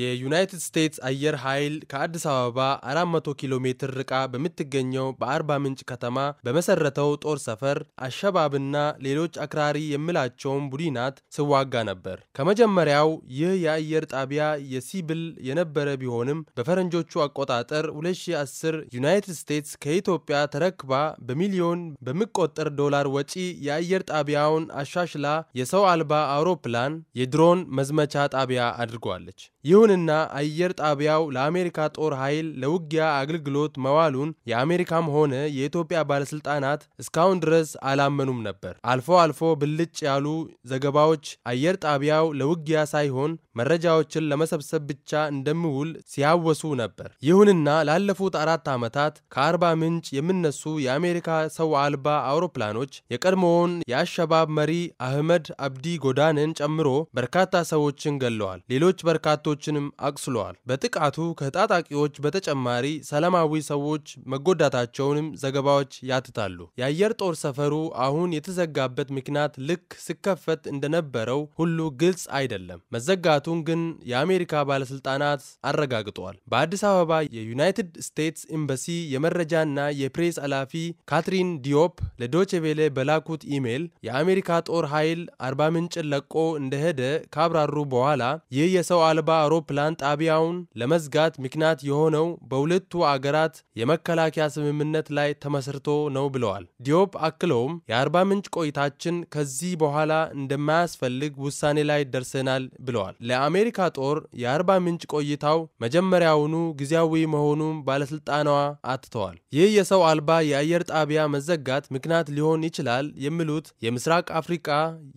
የዩናይትድ ስቴትስ አየር ኃይል ከአዲስ አበባ 400 ኪሎ ሜትር ርቃ በምትገኘው በአርባ ምንጭ ከተማ በመሰረተው ጦር ሰፈር አሸባብና ሌሎች አክራሪ የሚላቸውን ቡድናት ስዋጋ ነበር። ከመጀመሪያው ይህ የአየር ጣቢያ የሲብል የነበረ ቢሆንም በፈረንጆቹ አቆጣጠር 2010 ዩናይትድ ስቴትስ ከኢትዮጵያ ተረክባ በሚሊዮን በሚቆጠር ዶላር ወጪ የአየር ጣቢያውን አሻሽላ የሰው አልባ አውሮፕላን የድሮን መዝመቻ ጣቢያ አድርጓለች። ይሁንና አየር ጣቢያው ለአሜሪካ ጦር ኃይል ለውጊያ አገልግሎት መዋሉን የአሜሪካም ሆነ የኢትዮጵያ ባለስልጣናት እስካሁን ድረስ አላመኑም ነበር። አልፎ አልፎ ብልጭ ያሉ ዘገባዎች አየር ጣቢያው ለውጊያ ሳይሆን መረጃዎችን ለመሰብሰብ ብቻ እንደሚውል ሲያወሱ ነበር። ይሁንና ላለፉት አራት ዓመታት ከአርባ ምንጭ የሚነሱ የአሜሪካ ሰው አልባ አውሮፕላኖች የቀድሞውን የአሸባብ መሪ አህመድ አብዲ ጎዳንን ጨምሮ በርካታ ሰዎችን ገለዋል። ሌሎች በርካቶችንም አቁስለዋል። በጥቃቱ ከታጣቂዎች በተጨማሪ ሰላማዊ ሰዎች መጎዳታቸውንም ዘገባዎች ያትታሉ። የአየር ጦር ሰፈሩ አሁን የተዘጋበት ምክንያት ልክ ሲከፈት እንደነበረው ሁሉ ግልጽ አይደለም። መዘጋቱ መዘጋቱን ግን የአሜሪካ ባለስልጣናት አረጋግጠዋል። በአዲስ አበባ የዩናይትድ ስቴትስ ኤምባሲ የመረጃና የፕሬስ ኃላፊ ካትሪን ዲዮፕ ለዶችቬሌ በላኩት ኢሜይል የአሜሪካ ጦር ኃይል አርባ ምንጭን ለቆ እንደሄደ ካብራሩ በኋላ ይህ የሰው አልባ አውሮፕላን ጣቢያውን ለመዝጋት ምክንያት የሆነው በሁለቱ አገራት የመከላከያ ስምምነት ላይ ተመስርቶ ነው ብለዋል። ዲዮፕ አክለውም የአርባ ምንጭ ቆይታችን ከዚህ በኋላ እንደማያስፈልግ ውሳኔ ላይ ደርሰናል ብለዋል። ለአሜሪካ ጦር የአርባ ምንጭ ቆይታው መጀመሪያውኑ ጊዜያዊ መሆኑን ባለስልጣኗ አትተዋል። ይህ የሰው አልባ የአየር ጣቢያ መዘጋት ምክንያት ሊሆን ይችላል የሚሉት የምስራቅ አፍሪቃ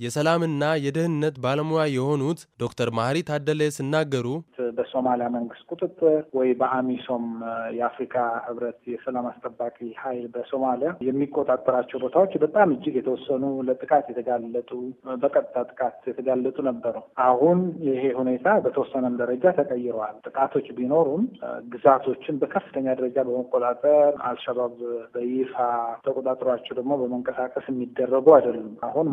የሰላምና የደህንነት ባለሙያ የሆኑት ዶክተር ማህሪ ታደለ ሲናገሩ በሶማሊያ መንግስት ቁጥጥር ወይ በአሚሶም የአፍሪካ ህብረት የሰላም አስጠባቂ ኃይል በሶማሊያ የሚቆጣጠራቸው ቦታዎች በጣም እጅግ የተወሰኑ ለጥቃት የተጋለጡ በቀጥታ ጥቃት የተጋለጡ ነበሩ። አሁን ይሄ ሁኔታ በተወሰነም ደረጃ ተቀይረዋል። ጥቃቶች ቢኖሩም ግዛቶችን በከፍተኛ ደረጃ በመቆጣጠር አልሸባብ በይፋ ተቆጣጥሯቸው ደግሞ በመንቀሳቀስ የሚደረጉ አይደሉም። አሁን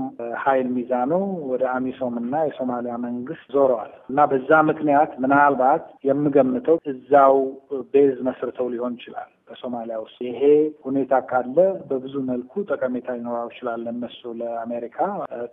ኃይል ሚዛኑ ወደ አሚሶም እና የሶማሊያ መንግስት ዞረዋል እና በዛ ምክንያት ምናል ምናልባት የምገምተው እዛው ቤዝ መስርተው ሊሆን ይችላል በሶማሊያ ውስጥ ይሄ ሁኔታ ካለ በብዙ መልኩ ጠቀሜታ ሊኖራው ይችላል። እነሱ ለአሜሪካ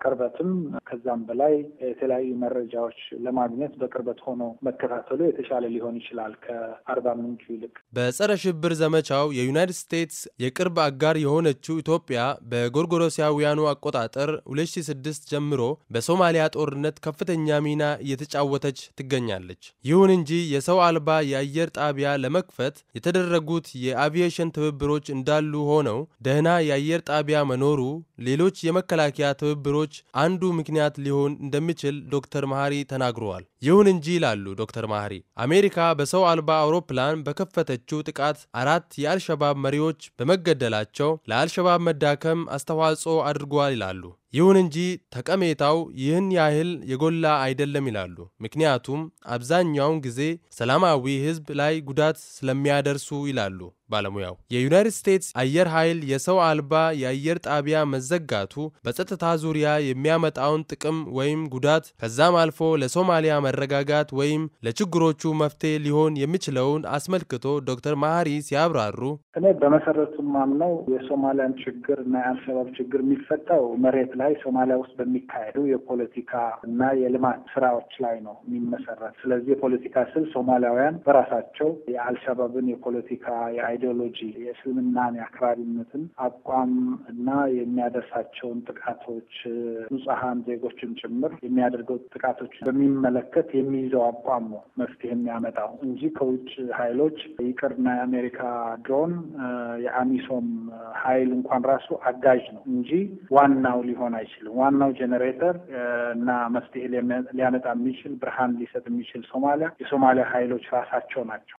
ቅርበትም ከዛም በላይ የተለያዩ መረጃዎች ለማግኘት በቅርበት ሆኖ መከታተሉ የተሻለ ሊሆን ይችላል ከአርባ ምንጩ ይልቅ በጸረ ሽብር ዘመቻው የዩናይትድ ስቴትስ የቅርብ አጋር የሆነችው ኢትዮጵያ በጎርጎሮሲያውያኑ አቆጣጠር 2006 ጀምሮ በሶማሊያ ጦርነት ከፍተኛ ሚና እየተጫወተች ትገኛለች። ይሁን እንጂ የሰው አልባ የአየር ጣቢያ ለመክፈት የተደረጉት የአቪዬሽን ትብብሮች እንዳሉ ሆነው ደህና የአየር ጣቢያ መኖሩ ሌሎች የመከላከያ ትብብሮች አንዱ ምክንያት ሊሆን እንደሚችል ዶክተር መሐሪ ተናግረዋል። ይሁን እንጂ ይላሉ ዶክተር መሐሪ አሜሪካ በሰው አልባ አውሮፕላን በከፈተችው ጥቃት አራት የአልሸባብ መሪዎች በመገደላቸው ለአልሸባብ መዳከም አስተዋጽኦ አድርጓል ይላሉ። ይሁን እንጂ ተቀሜታው ይህን ያህል የጎላ አይደለም ይላሉ። ምክንያቱም አብዛኛውን ጊዜ ሰላማዊ ሕዝብ ላይ ጉዳት ስለሚያደርሱ ይላሉ ባለሙያው። የዩናይትድ ስቴትስ አየር ኃይል የሰው አልባ የአየር ጣቢያ መዘጋቱ በጸጥታ ዙሪያ የሚያመጣውን ጥቅም ወይም ጉዳት ከዛም አልፎ ለሶማሊያ መረጋጋት ወይም ለችግሮቹ መፍትሄ ሊሆን የሚችለውን አስመልክቶ ዶክተር መሀሪ ሲያብራሩ እኔ በመሰረቱ ማምነው የሶማሊያን ችግር እና የአልሸባብ ችግር የሚፈታው መሬት ላይ ሶማሊያ ውስጥ በሚካሄዱ የፖለቲካ እና የልማት ስራዎች ላይ ነው የሚመሰረት። ስለዚህ የፖለቲካ ስል ሶማሊያውያን በራሳቸው የአልሸባብን የፖለቲካ የአይዲዮሎጂ የእስልምናን የአክራሪነትን አቋም እና የሚያደርሳቸውን ጥቃቶች ንጹሐን ዜጎችን ጭምር የሚያደርገው ጥቃቶች በሚመለከት የሚይዘው አቋም ነው መፍትሄ የሚያመጣው እንጂ ከውጭ ኃይሎች ይቅርና የአሜሪካ ድሮን የአሚሶም ኃይል እንኳን ራሱ አጋዥ ነው እንጂ ዋናው ሊሆን ሊሆን አይችልም። ዋናው ጄኔሬተር እና መፍትሄ ሊያመጣ የሚችል ብርሃን ሊሰጥ የሚችል ሶማሊያ የሶማሊያ ኃይሎች ራሳቸው ናቸው።